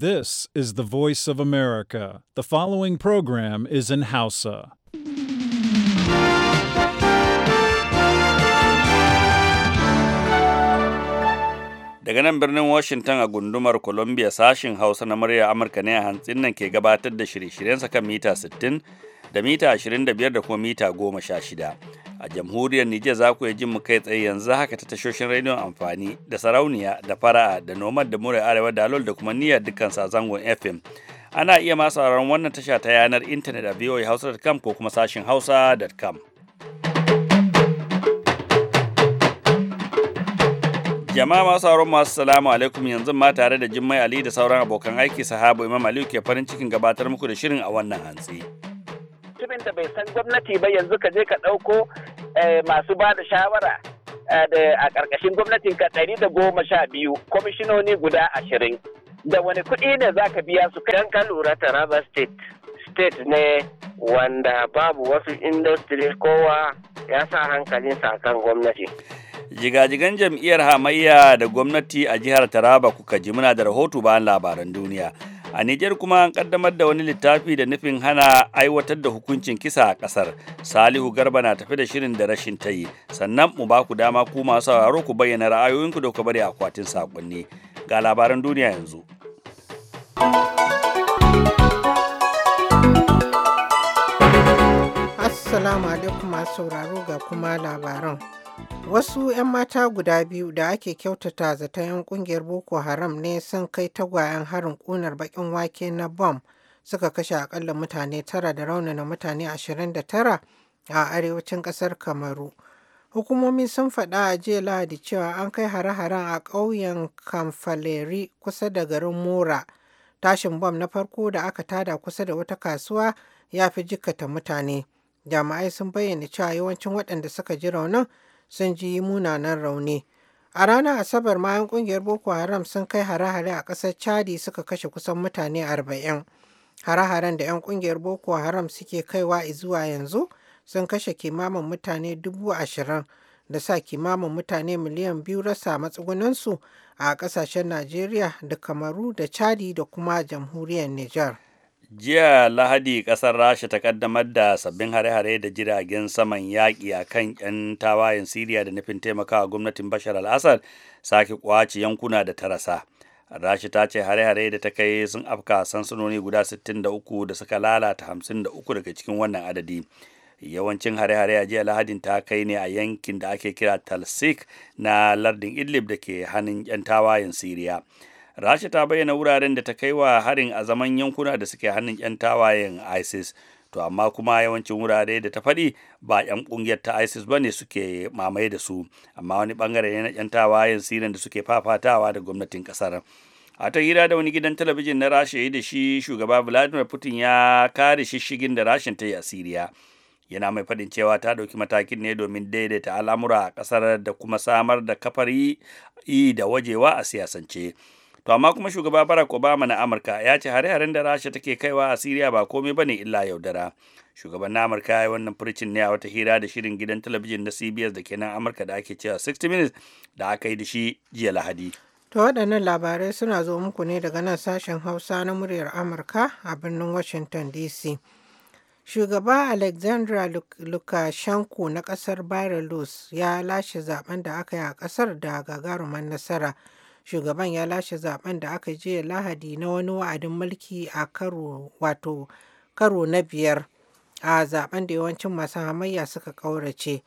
This is the voice of America. The following program is in Hausa. Daga nan birnin Washington a gundumar Columbia sashin Hausa na murya Amurka ne a hantsin nan ke gabatar da shirye-shiryensa kan mita 60 da mita 25 da kuma mita 16. a jamhuriyar Nijar za ku ji mu kai tsaye yanzu haka ta tashoshin rediyon amfani da sarauniya da fara'a da nomad da murai arewa da alol da kuma niyyar dukkan zangon FM. Ana iya ma sauraron wannan tasha ta yanar intanet a hausa.com ko kuma sashin hausa.com. Jama'a masu sauraron masu salamu alaikum yanzu ma tare da Jummai Ali da sauran abokan aiki sahabu Imam Aliyu ke farin cikin gabatar muku da shirin a wannan hantsi. mutumin da bai san gwamnati ba yanzu ka je ka ɗauko Eh, masu ba da shawara eh, a ƙarƙashin gwamnatin ka ɗari da goma sha biyu kwamishinoni guda ashirin da wani kuɗi ne za ka biya su kan ka lura taraba state state ne wanda babu wasu industry kowa ya sa sa kan gwamnati jigajigan jam'iyyar hamayya da gwamnati a jihar taraba kuka ji muna da rahoto bayan labaran duniya a niger kuma an kaddamar da wani littafi da nufin hana aiwatar da hukuncin kisa a kasar salihu garba na tafi da shirin da rashin ta yi sannan mu ba ku dama ku masu sauraro ku bayyana ra'ayoyinku da ku bari akwatin sakonni ga labaran duniya yanzu assalamu alaikum masu sauraro ga kuma labaran Wasu 'yan mata guda biyu da ake kyautata zaton 'yan kungiyar Boko Haram ne sun kai tagwayen harin kunar bakin wake na bom suka kashe akalla mutane tara da raunana mutane 29 a arewacin kasar Kamaru. Hukumomi sun faɗa a jiya Lahadi cewa an kai hare-haren a ƙauyen Kamfaleri kusa da garin Mora. Tashin bom na farko da aka tada kusa da wata kasuwa ya fi jikkata mutane. Jami'ai sun bayyana cewa yawancin waɗanda suka ji raunin sun ji munanan rauni. A ranar Asabar ma 'yan kungiyar Boko Haram sun kai hare-hare a ƙasar Chadi suka kashe kusan mutane arba'in. Hare-haren da 'yan kungiyar Boko Haram suke kaiwa zuwa yanzu sun kashe kimamin mutane dubu ashirin da sa kimamin mutane miliyan biyu rasa matsugunansu a ƙasashen Najeriya da Kamaru da Chadi da kuma jamhuriyar Nijar. jiya lahadi ƙasar rasha ta kaddamar da sabbin hare-hare da jiragen saman yaƙi a kan 'yan tawayen siriya da nufin taimakawa gwamnatin bashar al-assad sake kwace yankuna da ta rasa rasha ta ce hare-hare da ta kai sun afka sansanoni guda 63 da suka lalata 53 daga cikin wannan adadi yawancin hare-hare a jiya lahadin ta kai ne a yankin da ake kira talsik na lardin idlib da ke hannun 'yan tawayen siriya rasha ta bayyana wuraren da ta kai wa harin a zaman yankuna da suke hannun 'yan tawayen isis to amma kuma yawancin wurare da ta faɗi ba 'yan ƙungiyar ta isis ba ne suke mamaye da su amma wani ɓangare ne na 'yan tawayen sirin da suke fafatawa da gwamnatin ƙasar a ta hira da wani gidan talabijin na rasha yi da shi shugaba vladimir putin ya kare shishigin da rashin ta yi a siriya yana mai faɗin cewa ta ɗauki matakin ne domin daidaita al'amura a ƙasar da kuma samar da kafar yi da wajewa a siyasance to amma kuma shugaba barack obama na amurka ya ce hare-haren da rasha take kaiwa a siriya ba komai ne illa yaudara shugaban na amurka ya yi wannan furcin ne a wata hira da shirin gidan talabijin na cbs da ke nan amurka da ake cewa 60 minutes da aka yi da shi jiya lahadi to waɗannan labarai suna zo muku ne daga nan sashen hausa na muryar amurka a birnin washington dc shugaba alexandra lukashenko na ƙasar belarus ya lashe zaben da aka yi a ƙasar da gagarumar nasara shugaban ya lashe zaben da aka je lahadi na wani wa'adin mulki a karo wato karo na biyar a zaben da yawancin masu hamayya suka kaurace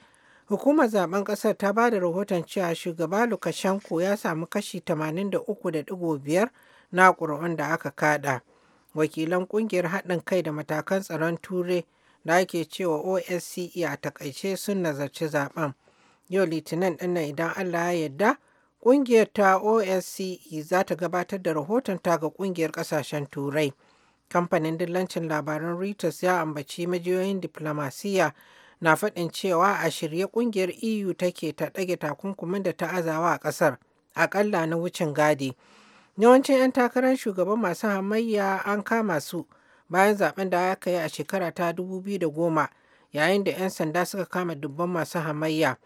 hukumar zaben kasar ta ba da rahoton cewa shugaba lukashenko ya samu kashi 83.5 na ƙuri'un da aka kada wakilan kungiyar haɗin kai da matakan tsaron turai da ake cewa osce a takaice sun nazarci zaben yau litinin ɗinnan idan allah ya yarda Ƙungiyar ta OSCE za ta gabatar da rahoton ta ga ƙungiyar ƙasashen Turai. Kamfanin dillancin labaran Reuters ya ambaci majiyoyin diflomasiyya na faɗin cewa a shirye ƙungiyar EU take ta ɗage takunkumin da ta azawa a ƙasar, aƙalla na wucin gadi. Yawancin 'yan takarar shugaban masu hamayya an kama su bayan zaben da aka yi a shekara ta 2010 yayin da 'yan sanda suka kama dubban masu hamayya.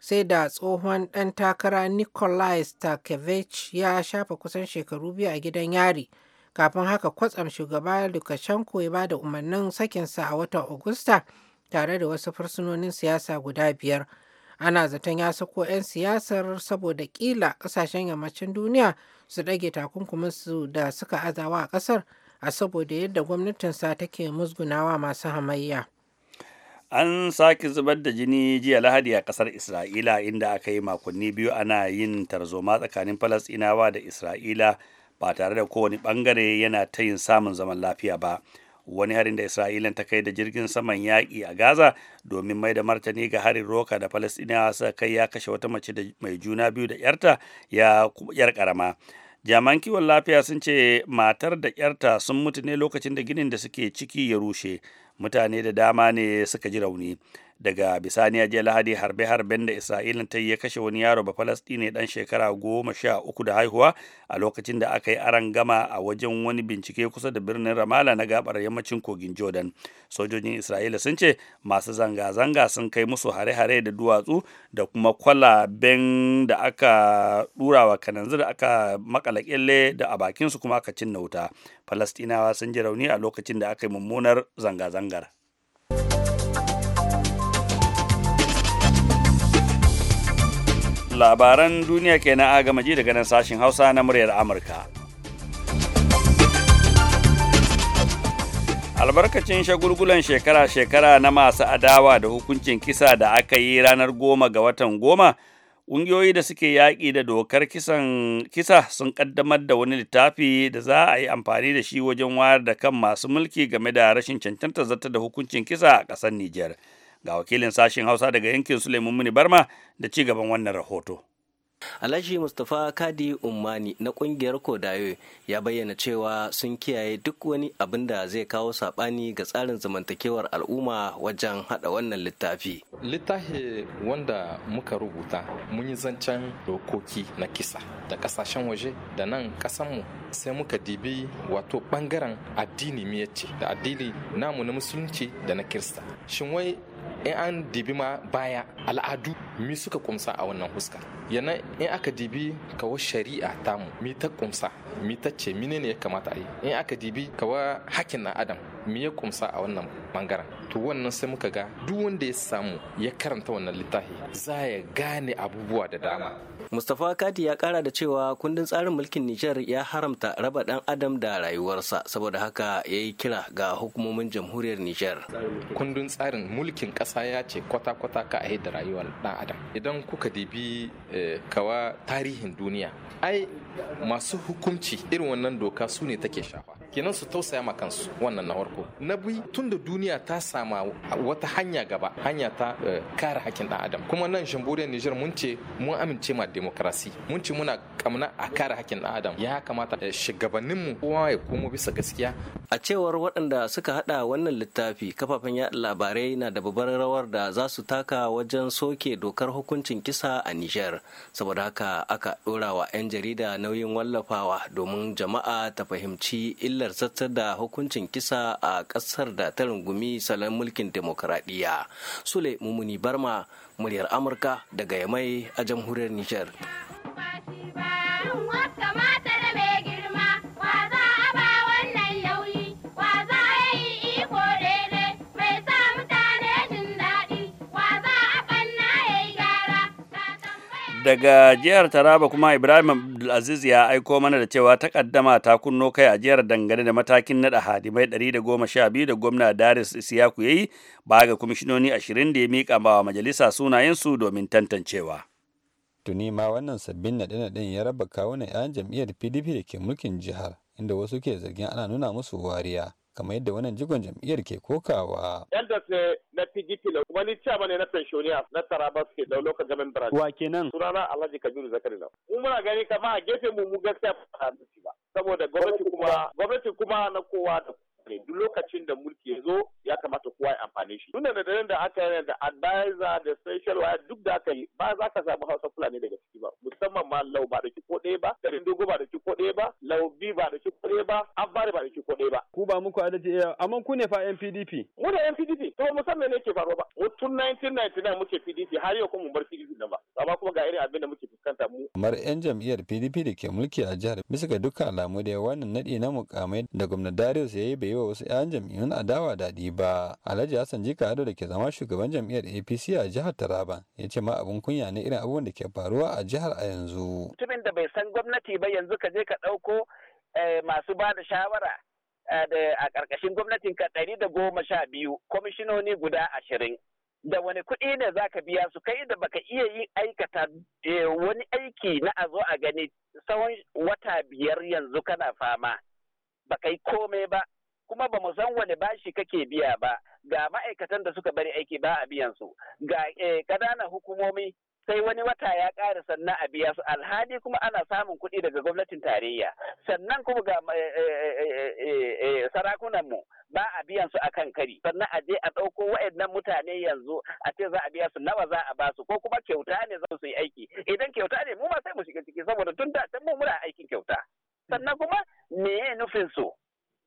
sai da tsohon ɗan takara Nikolai Stakevich ya shafa kusan shekaru biyu a gidan yari kafin haka kwatsam shugaba Lukashenko ya ba da umarnin sakinsa a watan Agusta tare da wasu fursunonin siyasa guda biyar. Ana zaton ya sako 'yan siyasar saboda kila ƙasashen yammacin duniya su ɗage takunkumansu da suka azawa a ƙasar a saboda yadda gwamnatinsa take musgunawa masu hamayya. an sake zubar da jini jiya lahadi a kasar isra'ila inda aka yi makonni biyu ana yin tarzoma tsakanin falasinawa da isra'ila ba tare da kowane bangare yana ta yin samun zaman lafiya ba wani harin da isra'ila ta kai da jirgin saman yaƙi a gaza domin mai da martani ga harin roka da falasinawa suka kai ya kashe wata mace mai juna biyu da yarta ya yar karama jami'an kiwon lafiya sun ce matar da yarta sun mutu ne lokacin da ginin da suke ciki ya rushe mutane da dama ne suka ji rauni daga bisaniya jiya lahadi harbe-harben da isra'ilin ta yi ya kashe wani yaro ba falastini dan shekara goma sha uku da haihuwa a lokacin da aka yi aran gama a wajen wani bincike kusa da birnin ramala na gabar yammacin kogin jordan sojojin isra'ila sun ce masu zanga-zanga sun kai musu hare-hare da duwatsu da kuma kwalaben da aka dura wa kananzu da aka makala kyalle da a bakinsu kuma aka cinna wuta falastinawa sun ji rauni a lokacin da aka yi mummunar zanga-zangar labaran duniya kenan a gama ji daga nan sashen hausa na muryar amurka albarkacin shagulgulan shekara-shekara na masu adawa da hukuncin kisa da aka yi ranar goma ga watan goma ƙungiyoyi da suke yaƙi da dokar kisa sun ƙaddamar da wani littafi da za a yi amfani da shi wajen wayar da kan masu mulki game da rashin cancanta zata da hukuncin kisa a ƙasar Nijar. ga wakilin sashen hausa daga yankin suleiman muni barma da ci gaban wannan rahoto Alhaji Mustapha Kadi Ummani na kungiyar Kodayo ya bayyana cewa sun kiyaye duk wani abin da zai kawo sabani ga tsarin zamantakewar al'umma wajen hada wannan littafi. Littafi wanda muka rubuta mun yi zancen dokoki na kisa da kasashen waje da nan kasanmu sai muka dibi wato bangaren addini miyacce da addini namu na musulunci da na kirista. Shin wai in an dibi ma baya al'adu mi suka kumsa a wannan huska yana in aka dibi kawo shari'a tamu mi ta kumsa mitacce mine ne ya kamata a yi in aka dibi kawa hakin na adam me ya kumsa a wannan bangaren to wannan sai muka ga duk wanda ya samu ya karanta wannan littafi za ya gane abubuwa da dama Mustapha Kadi ya kara da cewa kundin tsarin mulkin Nijar ya haramta raba dan adam da rayuwarsa saboda haka ya yi kira ga hukumomin jamhuriyar Nijar. Kundin tsarin mulkin kasa ya ce kwata-kwata ka a da rayuwar dan adam. Idan kuka dibi eh, kawa tarihin duniya, ai masu hukunci irin wannan doka su ne take shafa kenan su tausaya ma kansu wannan na farko na bi tun da duniya ta sama wata hanya gaba hanya ta eh, kare hakkin dan adam kuma nan jamhuriyar Niger mun ce mun amince ma demokrasi mun ce muna kamna a kare hakkin dan adam ya kamata eh, mu kowa ya komo bisa gaskiya a cewar waɗanda suka hada wannan littafi kafafen yaɗa labarai na da babbar rawar da za su taka wajen soke dokar hukuncin kisa a Nijar saboda haka aka ɗora wa 'yan jarida nauyin wallafawa domin jama'a ta fahimci illa illar sassar da hukuncin kisa a ƙasar da ta rungumi salon mulkin demokuraɗiyya. Sule Mumuni Barma, muryar Amurka daga Yamai a jamhuriyar Nijar. daga jihar Taraba kuma Ibrahim Abdulaziz ya aiko mana da cewa takaddama ta kunno kai a jihar dangane da matakin naɗa hadimai 112 da gwamna Daris Isiyaku ya yi ba ga kwamishinoni 20 da ya miƙa ba majalisa sunayensu domin tantancewa. Tuni ma wannan sabbin naɗe-naɗen ya raba kawunan 'yan jam'iyyar PDP da ke mulkin jihar inda wasu ke zargin ana nuna musu wariya. kamar yadda wannan jigon jam'iyyar ke kokawa. da ne na PDP da wani ciyama ne na pensioniya na Taraba suke da lokacin gaban Birane. Wa kenan? Sunana Alhaji Kabiru Zakari na. Mu muna gani kama a gefe mu mu gaskiya ba a ba. Saboda gwamnati kuma gwamnati kuma na kowa da kai duk lokacin da mulki ya zo ya kamata kowa ya amfani shi tun da daren da aka yi da advisor da special wire duk da aka yi ba za ka samu hausa fulani daga ciki ba musamman ma lau ba da ki ko ɗaya ba garin dogo ba da ki ko ɗaya ba lau bi ba da ki ko ɗaya ba abari ba da ki ko ɗaya ba. ku ba muku adalci eh, amma ku ne fa NPDP. mu da NPDP to musamman ne ke faruwa ba mu tun 1999 muke PDP har yau kuma mu bar PDP nan ba amma kuma ga irin abin da muke fuskanta mu. kamar 'yan jam'iyyar PDP da ke mulki a jihar bisa ga dukkan alamu da wannan naɗi na mukamai da gwamnati Darius ya yi bai baiwa wasu 'yan jam'iyyun adawa daɗi ba alhaji hassan jika ado da ke zama shugaban jam'iyyar apc a jihar taraba ya ce ma abun kunya ne irin abubuwan da ke faruwa a jihar a yanzu mutumin da bai san gwamnati ba yanzu ka je ka ɗauko eh, masu ba da shawara eh, a ƙarƙashin gwamnatin ka ɗari da goma sha biyu kwamishinoni guda ashirin da wani kuɗi ne za ka biya su kai da baka iya yin aikata eh, wani aiki na a zo a gani tsawon wata biyar yanzu kana fama ba kai komai ba kuma ba mu san wani bashi kake biya ba ga ma'aikatan da suka bari aiki ba a biyan su ga kadana eh, hukumomi sai wani wata ya ƙara sannan a biya su alhali kuma ana samun kuɗi daga gwamnatin tarayya sannan kuma ga eh, eh, mu ba a biyan su akan kari sannan a je a ɗauko wa'annan mutane yanzu a ce za a biya su nawa za a ba su ko kuma kyauta ne za su yi aiki idan kyauta ne mu ma sai mu shiga ciki saboda tun da mu muna aikin kyauta sannan kuma me nufin su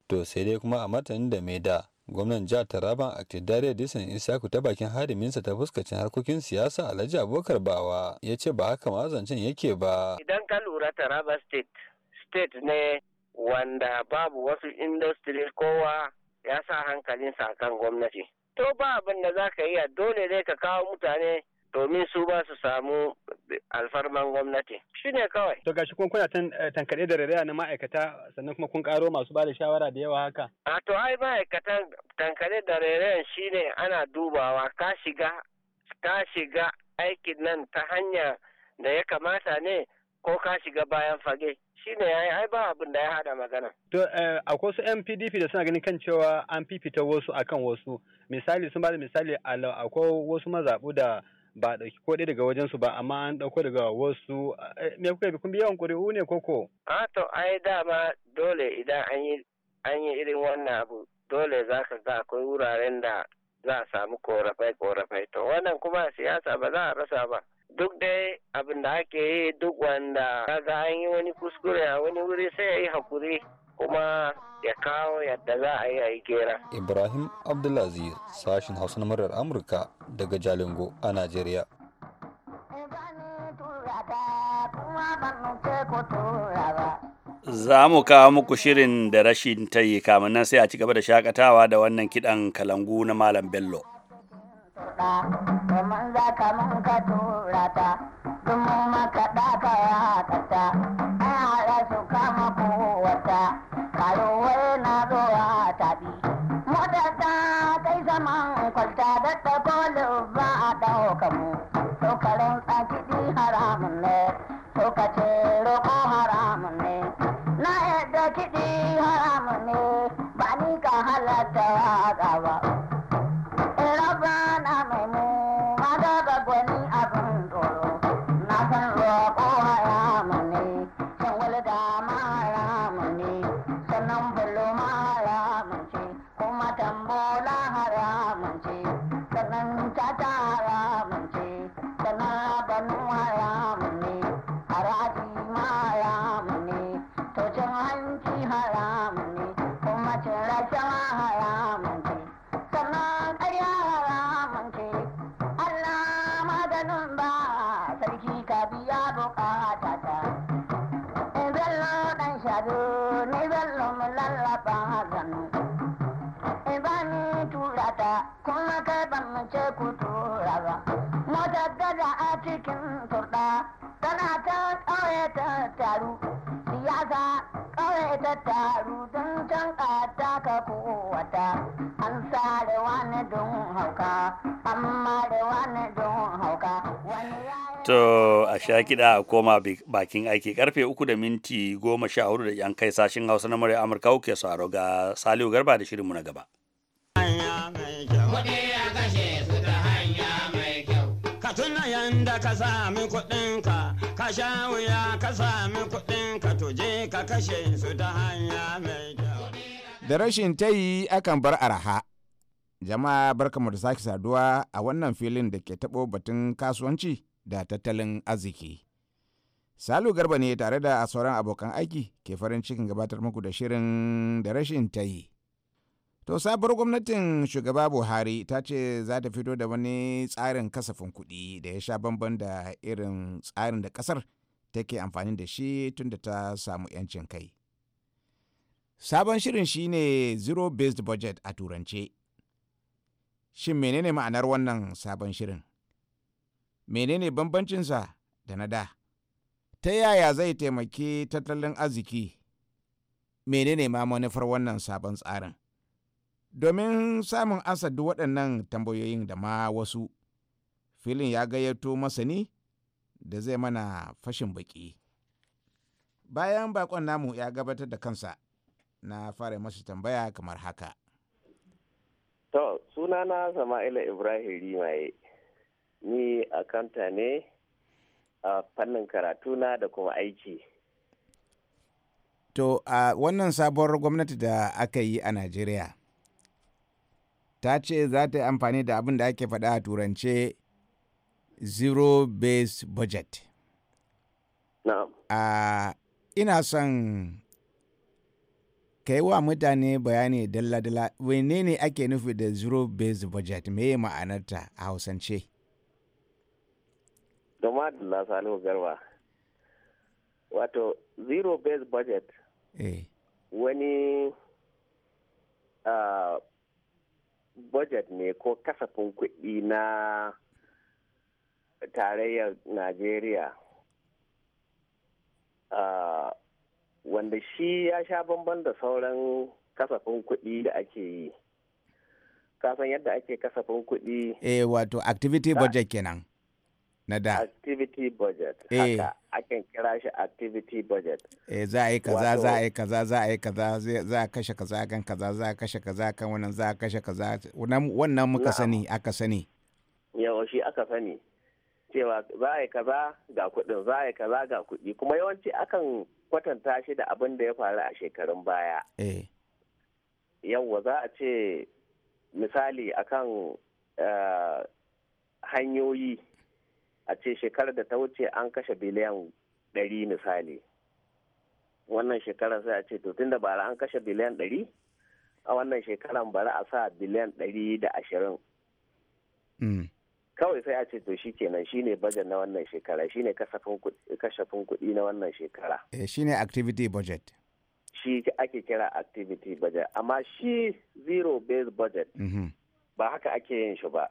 To sai dai kuma a martanin da mai da gwamnan jihar Taraban Aktidare Disan Isaku ta bakin hadiminsa ta fuskacin harkokin siyasa Alhaji Abubakar Bawa ya ce ba haka ma zancen yake ba. Idan ka lura Taraba State, State ne wanda babu wasu industries kowa ya sa hankalinsa kan gwamnati. To ba abin da za ka yi dole ne ka kawo mutane domin su ba su samu alfarman gwamnati shi ne kawai. To gashi kun kuna eh, tankaɗe da rariya na ma'aikata sannan kuma kun ƙaro masu ba da shawara da yawa haka. A to ai ma'aikatan tankaɗe da rariyan shi ne ana dubawa ka shiga ka shiga aikin nan ta hanya da ya kamata ne ko ka shiga bayan fage. shi ne ya yi ai ba abin da ya hada magana. To eh, akwai wasu PDP da suna ganin kan cewa an fifita wasu akan wasu misali sun ba da misali akwai wasu mazaɓu da ba a ɗauki ko daga daga su ba amma an ɗauko daga wasu eh, me kuka bi kun bi yawan ƙuri'u ne koko. a to ai dama dole idan an yi an yi irin wannan abu dole za ka ga akwai wuraren da za a samu korafai korafai to wannan kuma siyasa ba za a rasa ba duk dai abin da ake yi duk wanda kaga an yi wani kuskure a wani wuri sai ya yi hakuri kuma ya kawo yadda za a yi a yi kera. Ibrahim Abdulaziz sashen Hausa na murar Amurka daga Jalingo a Najeriya. Za mu kawo muku shirin da rashin tayi kamun nan sai a ci gaba da shakatawa da wannan kiɗan kalangu na Malam Bello. makaɗa man za ka mun ka tura ta duk mu makaɗa ka ya ta an haɗa su kama kowata karuwai na zuwa taɓi motar ta kai zaman kwalta da ta kolo ba a ɗauka mu tokarin tsakiɗi haramun ne tokace roƙo haramun ne na yadda kiɗi haramun ne ba ni ka halatta ga ba. bani abin tsoro taru don can ta ka kowata an sa da wani don hauka amma da wani don hauka To a sha kiɗa a koma bakin aiki karfe uku da minti goma sha hudu da yan kai sashin hausa na murya Amurka uke saro ga Saliu Garba da shirinmu na gaba. da ka sami kuɗinka, ka sha wuya ka sami kuɗinka tuje ka kashe su ta hanya mai Da rashin ta yi akan bar araha. Jama'a barkamu da sake saduwa a wannan filin da ke taɓo batun kasuwanci da tattalin arziki. Salu Garba ne tare da sauran abokan aiki ke farin cikin gabatar muku da shirin da rashin ta yi. To sabuwar gwamnatin shugaba Buhari ta ce za ta fito da wani tsarin kasafin kuɗi da ya sha bamban da irin tsarin da ƙasar take amfani da shi tun da ta samu 'yancin kai. Sabon shirin shi ne zero-based budget a turance. Shin menene ma'anar wannan sabon shirin? Menene bambancinsa da na da? Ta yaya zai taimaki tattalin arziki? Menene ma manufar wannan sabon tsarin? Domin samun ansa duk waɗannan tambayoyin da ma wasu, filin ya gayyato masani da zai mana fashin baki. Bayan bakon namu ya gabatar da kansa, na fara masa tambaya kamar haka. To, sunana Sama'ila Ibrahim Rimaye, ni akanta ne a fannin karatuna da kuma aiki. To, a wannan sabuwar gwamnati da aka yi a Najeriya, ta ce za ta yi amfani da abin da ake faɗa a turance zero base budget no. ina son ka yi wa mutane bayani dalla-dalla wane ne ake nufi da zero base budget me ma'anarta a hausance Doma da Salihu Garba. Wato, zero based budget. Eh. Wani budget ne ko kasafin kuɗi na tarayyar najeriya wanda shi ya sha bamban da sauran kasafin kuɗi da ake yi kasan yadda ake kasafin kuɗi eh wato activity budget kenan na da activity budget eh. haka akan kira shi activity budget eh za a yi kaza za a yi kaza za a yi kaza za a kashe kaza kan kaza za a kashe kaza kan wannan za a kashe kaza wannan muka sani aka sani yawa shi aka sani cewa za a yi kaza ga kuɗin za a yi kaza ga kuɗi kuma yawanci akan kwatanta shi da abin da ya faru a shekarun baya eh yawa za a ce misali akan uh, hanyoyi a ce shekarar da ta wuce an kashe biliyan ɗari misali wannan shekarar sai a ce to tunda bara an kashe biliyan ɗari a wannan shekarar bara a sa biliyan ɗari da ashirin mm. kawai sai a ce to shi kenan shi ne bajet na wannan shekara shi ne kashafin kuɗi na wannan shekara eh, shi ne activity budget shi ake kira activity budget amma shi zero based budget mm-hmm. ba haka ake yin shi ba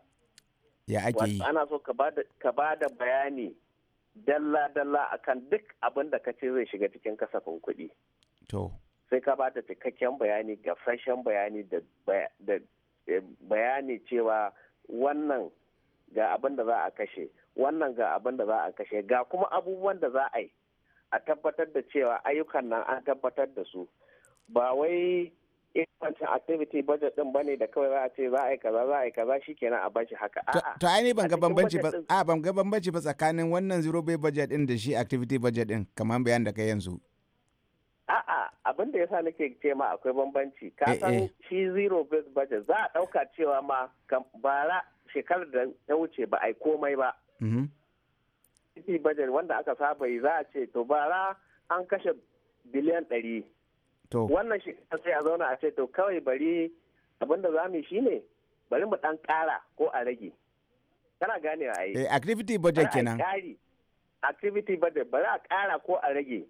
ya ake yi ana so ka ba da bayani dalla-dalla akan duk abin da ka ce zai shiga cikin kasafin kuɗi to sai ka ba da cikakken eh, bayani gafashen bayani da bayani cewa wannan ga abin da za a kashe wannan ga abin da za a kashe ga kuma abubuwan da za a yi a tabbatar da cewa ayyukan nan an tabbatar da su ba wai wancan activity budget din bane da kawai za a ce za a yi kaza za a yi kaza shikenan a bashi haka to ai ne ban ga bambanci ba a ban ga bambanci ba tsakanin wannan zero based budget din da shi activity budget din kamar bayan da kai yanzu a'a abin da yasa nake ce ma akwai bambanci ka eh, san eh. shi zero based budget za a dauka cewa ma bara shekarar da ta wuce ba a yi komai ba activity mm-hmm. budget wanda aka saba yi za a ce to bara an kashe biliyan ɗari wannan shi sai a zauna a ce to kawai bari abin da za mu shi ne bari mu dan kara ko a rage kana gane a yi activity eh, budget kenan activity budget bari a kara ko a rage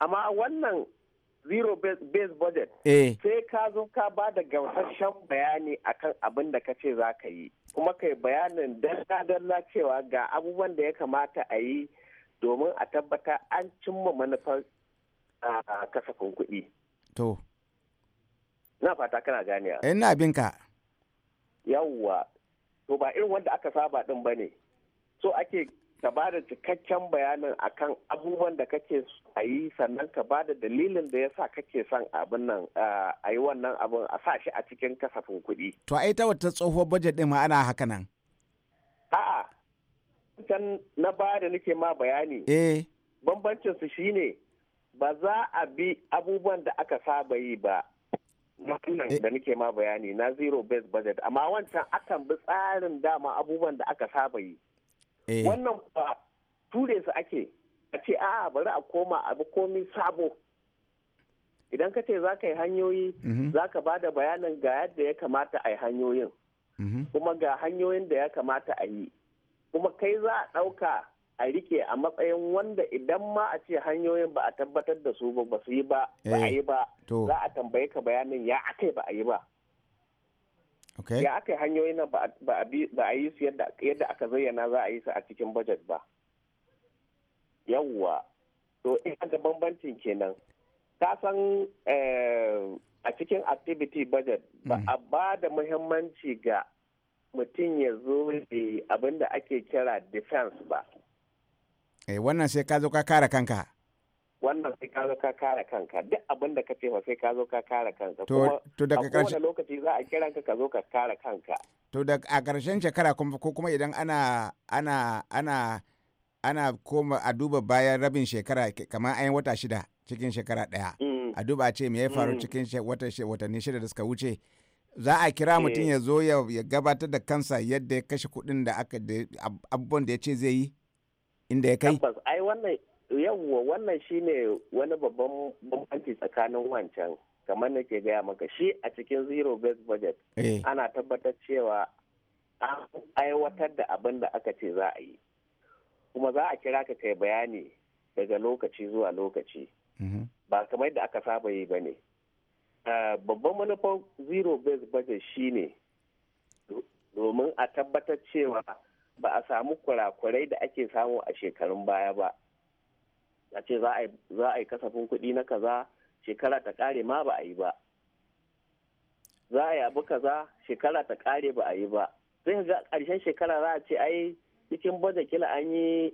amma wannan zero base budget eh. sai ka zo ka ba da gamsashen bayani akan abin da ka ce za ka yi kuma kai bayanin dalla-dalla cewa ga abubuwan da ya kamata a yi domin a tabbata an cimma manufar ah, kasafin kuɗi to na fata kana a ina bin ka yawwa to ba irin wanda aka saba din bane so ake ka ba da cikakken bayanin akan abubuwan da kake a yi sannan ka ba da dalilin da ya sa kake son abin nan a yi wannan abin a sa shi a cikin kasafin kuɗi. To a ita wata tsohuwar bajet ɗin ma ana haka nan? A'a, can na ba da nake ma bayani. Eh. Bambancin su shine ba za a bi abubuwan da aka saba yi ba matunan eh. da nake ma bayani na zero based budget amma wancan akan bi tsarin dama abubuwan da aka saba yi eh. wannan ba ture su ake a ce a bari a koma abu komi sabo idan ka ce za ka yi hanyoyi mm-hmm. za ka ba da bayanin ga yadda ya kamata a yi hanyoyin mm-hmm. kuma ga hanyoyin da ya kamata a yi kuma kai za a ɗauka a rike a matsayin wanda idan ma a ce hanyoyin ba a tabbatar da su ba ba su yi ba ba a eh, yi ba za a tambaye ka bayanin ya yi ba a yi ba ya yi hanyoyin nan ba a yi su yadda aka zayyana za a yi su a cikin budget ba yawwa to ina da bambancin kenan ta san eh, a cikin activity budget ba mm. a ba da muhimmanci ga mutum ya zo abin da ake kira defense ba eh wannan sai ka zo ka kare kanka wannan sai ka zo ka kare kanka duk abin da ka ce ma sai ka zo ka kare kanka to to daga karshe lokaci za a kira ka ka zo ka kare kanka to da a karshen shekara ko kuma idan ana ana ana ana koma a duba bayan rabin shekara kamar ayin wata shida cikin shekara daya mm. a duba ce me ya faru mm. cikin watanni shida da suka wuce za a kira eh. mutum ya zo ya gabatar da kansa yadda ya kashe kudin da aka abubuwan da ya ce zai yi inda ya kai tabbas ai wannan yawwa wannan shine wani babban bambanci tsakanin wancan kamar nake gaya maka shi a cikin zero based budget eh. ana tabbatar cewa an aiwatar da abin da aka ce za a yi kuma za a kira ka kai bayani daga lokaci zuwa lokaci mm-hmm. ba kamar da aka saba yi ba ne ah, babban manufar zero based budget shine domin a tabbatar cewa ba a samu kurakurai da ake samu a shekarun baya ba a ce za a yi kasafin kuɗi na kaza shekara ta ƙare ma ba a yi ba za a yi abu kaza shekara ta ƙare ba a yi ba sai ga ƙarshen shekara za a ce ai cikin baje kila an yi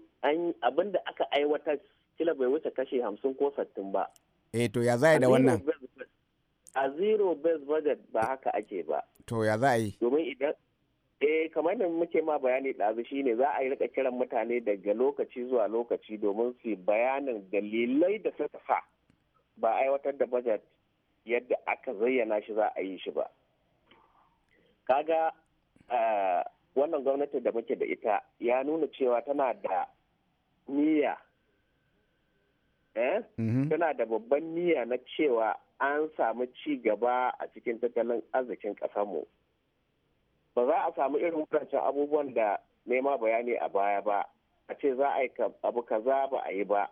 abin da aka aiwatar kila bai wuce kashe hamsin ko sattin ba eh to ya za a yi da wannan a zero base budget ba haka ake ba to ya za a yi domin idan eh kamar da muke ma bayani ɗazu shine za a yi rika kiran mutane daga lokaci zuwa lokaci domin su bayanin dalilai da suka sa ba aiwatar da budget yadda aka zayyana shi za a yi shi ba kaga eh, wannan gwamnati da muke da ita ya nuna cewa tana da niyya eh, mm-hmm. tana da babban niyya na cewa an samu ci gaba a cikin tattalin arzikin ƙasarmu. mu ba za a samu irin wadancan abubuwan da nema bayani a baya ba a ce za a yi abu kaza ba a yi ba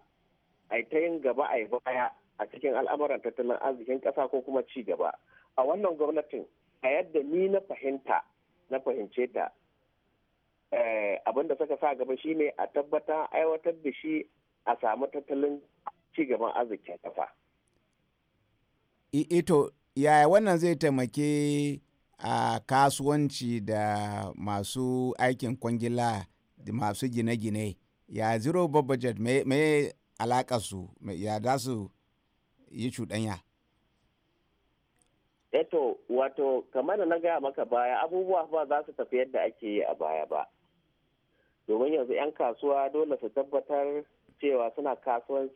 a ta yin gaba a yi baya a cikin al'amuran tattalin arzikin ƙasa ko kuma ci gaba a wannan gwamnatin a yadda ni na fahimta na fahimce ta eh, abin da suka sa gaba shi ne a tabbata aiwatar da shi a samu tattalin ci gaban arzikin ƙasa. ito yaya wannan zai taimake a kasuwanci da masu aikin kwangila da masu gine-gine ya zero budget alaƙa su ya za su yi cuɗanya eto eh wato kamar da na gaya maka baya abubuwa ba za su tafi yadda ake yi a baya ba domin yanzu 'yan kasuwa dole su tabbatar cewa suna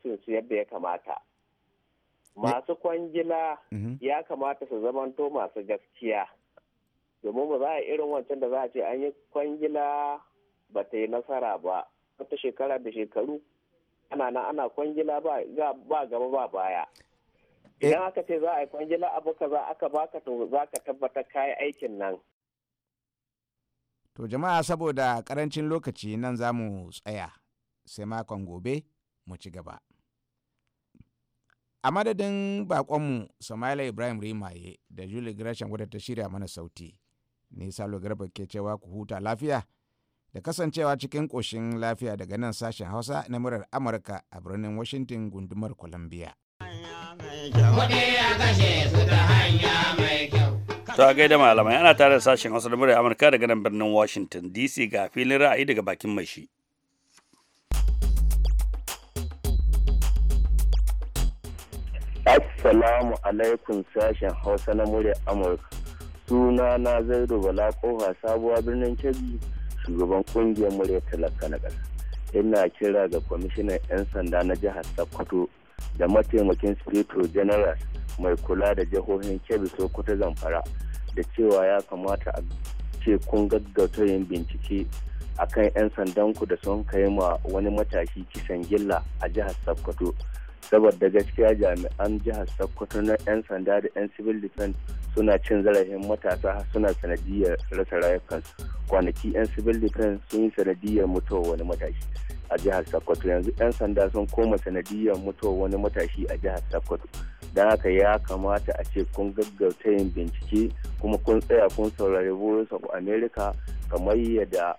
su yadda ya kamata eh. masu kwangila mm-hmm. ya kamata su zamanto masu gaskiya domin ba za a irin wancan da za a ce an yi kwangila ba ta yi nasara ba wata shekara da shekaru ana nan ana kwangila ba gaba ba baya eh. idan aka ce za a yi kwangila abu kaza aka baka to za ka tabbata kayi aikin nan to jama'a saboda karancin lokaci nan za mu tsaya sai makon gobe mu ci gaba a madadin bakonmu sama'ila ibrahim rimaye da julie gresham wadda ta shirya mana sauti nisa salo garba ke cewa ku huta lafiya da kasancewa cikin ƙoshin lafiya daga nan sashen hausa na murar amurka a birnin washington gundumar columbia ta gaida malamai ana tare da sashen hausa da murar amurka daga nan birnin washington dc ga filin ra'ayi daga bakin mai shi assalamu alaikum sashen hausa na murar amurka suna na zaido bala kofa sabuwa birnin kebbi shugaban kungiyar murya talaka na ƙasa ina kira ga kwamishinan 'yan sanda na jihar sokoto da mataimakin sufeto general mai kula da jihohin kebbi sokoto zamfara da cewa ya kamata a ce kun gaggauta yin bincike akan 'yan sandanku da sun kai ma wani matashi kisan gilla a jihar sokoto saboda gaskiya jami'an jihar sokoto na 'yan sanda da 'yan civil defense suna cin zarafin matasa suna sanadiyar rasa rayukansu kwanaki 'yan civil defense sun yi sanadiyar mutuwa wani matashi a jihar sokoto yanzu 'yan sanda sun koma sanadiyar mutuwa wani matashi a jihar sokoto don haka ya kamata a ce kun gaggauta yin bincike kuma kun tsaya kun saurari voice of america kamar yadda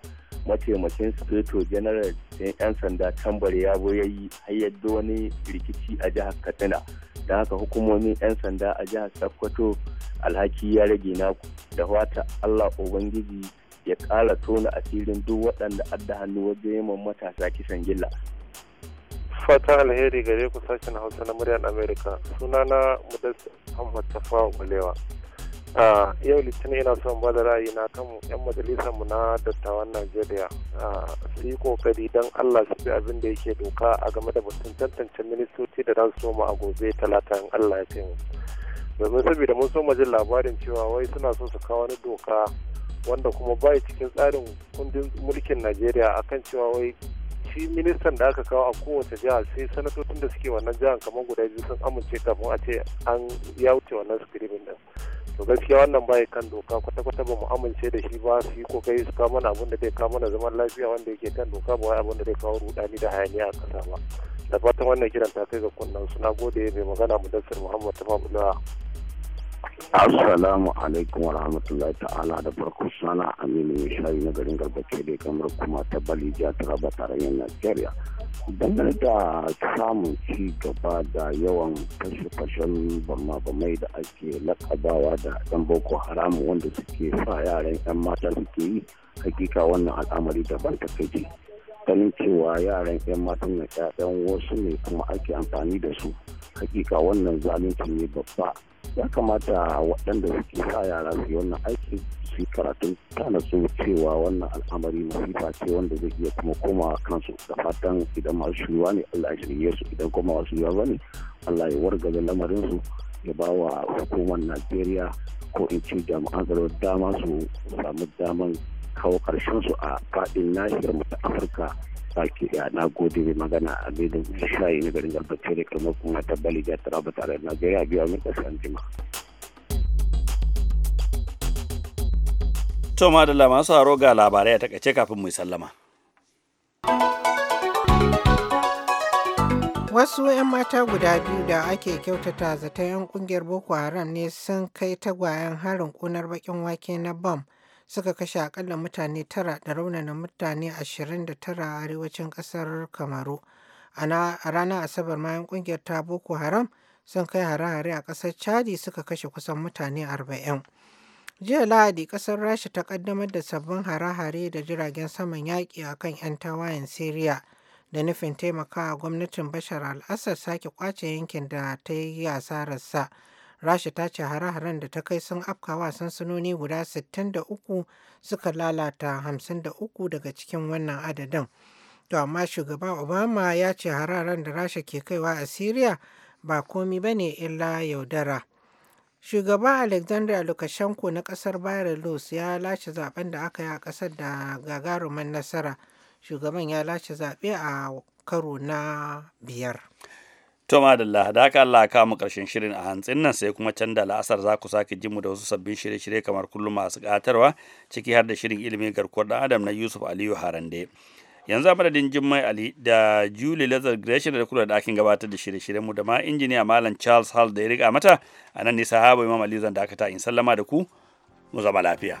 mataimakin secretary general sai 'yan sanda tambari ya zo ya yi hayyadda wani rikici a jihar katsina da haka hukumomin 'yan sanda a jihar sokoto alhaki ya rage naku da wata allah ubangiji ya ƙara tona asirin duk waɗanda adda hannu wajen yaman matasa kisan gilla fata alheri gare ku sashen hausa na muryar america sunana mudassir muhammad tafawa mulewa yau litinin ina son ba da ra'ayi na kan yan majalisar mu na dattawan najeriya su yi kokari don allah su bi abin da yake doka a game da batun tantance ministoci da za soma a gobe talata in allah ya kai mu domin saboda mun so jin labarin cewa wai suna so su kawo wani doka wanda kuma bai cikin tsarin kundin mulkin najeriya akan cewa wai shi ministan da aka kawo a kowace jihar sai sanatocin da suke wannan jihar kamar guda biyu sun amince kafin a ce an ya wuce wannan skirimin din to gaskiya wannan bai kan doka kwata-kwata ba mu amince da shi ba su yi kokari su kawo mana abin da zai kawo mana zaman lafiya wanda yake kan doka ba wai abin da zai kawo rudani da hayaniya a kasa ba da fatan wannan kiran ta kai ga kunnan su na gode mai magana mu muhammad tamamula Assalamu alaikum wa rahmatullahi ta'ala da farko sana Aminu mai shayi na garin garbace da kamar kuma ta bali ja ta raba tarayyar Najeriya. Dangane da samun ci gaba da yawan kashe-kashen ba bamai da ake lakabawa da ɗan boko haramu wanda suke sa yaran 'yan mata suke yi hakika wannan al'amari daban ta kai ganin cewa yaran 'yan matan na 'ya'yan wasu ne kuma ake amfani da su hakika wannan zalunci ne babba ya kamata waɗanda suke sa yara su yi wannan aiki su karatun tana so cewa wannan al'amari masifa ce wanda zai iya kuma koma kansu da fatan idan masu shiriwa ne allah ya shirye su idan kuma masu shiriwa ba allah ya wargaza lamarin su ya ba wa hukumar najeriya ko in ce jami'an tsaro dama su samu daman kawo karshen su a fadin nahiyar mu ta afirka sake ya na gode mai magana a daidai shayi na garin garbace da kalmar kuma ta bali ja taraba tare da najeriya biyu a mai jima. to madalla masu haro ga labarai a takaice kafin mu sallama. wasu 'yan mata guda biyu da ake kyautata zata 'yan kungiyar boko haram ne sun kai tagwayen harin kunar bakin wake na bam suka kashe akalla mutane tara da raunana mutane ashirin da tara a arewacin kasar kamaru a ranar asabar mayan kungiyar ta boko haram sun kai hare-hare a kasar chadi suka kashe kusan mutane arba'in. jiya lahadi kasar rasha ta kaddamar da sabbin hare-hare da jiragen saman yaƙi a kan 'yan tawayen Siriya, da nufin taimakawa gwamnatin bashar al-assad sake kwace yankin da ta yi asararsa rasha ta ce hare-haren da ta kai sun afkawa sansanoni guda 63 suka lalata 53 daga cikin wannan adadin to amma shugaba obama ya ce hararen da rasha ke kaiwa a syria ba komi ba ne illa yaudara shugaba alexander lukashenko na kasar belarus ya lashe zaben da aka yi a kasar da gagarumin nasara shugaban ya lashe zaɓe a karo na biyar To madalla da haka Allah ka mu karshen shirin a hantsin nan sai kuma can da la'asar za ku sake jin mu da wasu sabbin shirye-shirye kamar kullum masu katarwa ciki har da shirin ilimi garkuwar dan Adam na Yusuf Aliyu Harande. Yanzu a madadin mai Ali da Julie Lazar Gresham da kula da ɗakin gabatar da shirye-shiryen mu da ma injiniya Malam Charles Hall da ya riga mata a nan ne sahaba Imam Ali zan dakata in sallama da ku mu zama lafiya.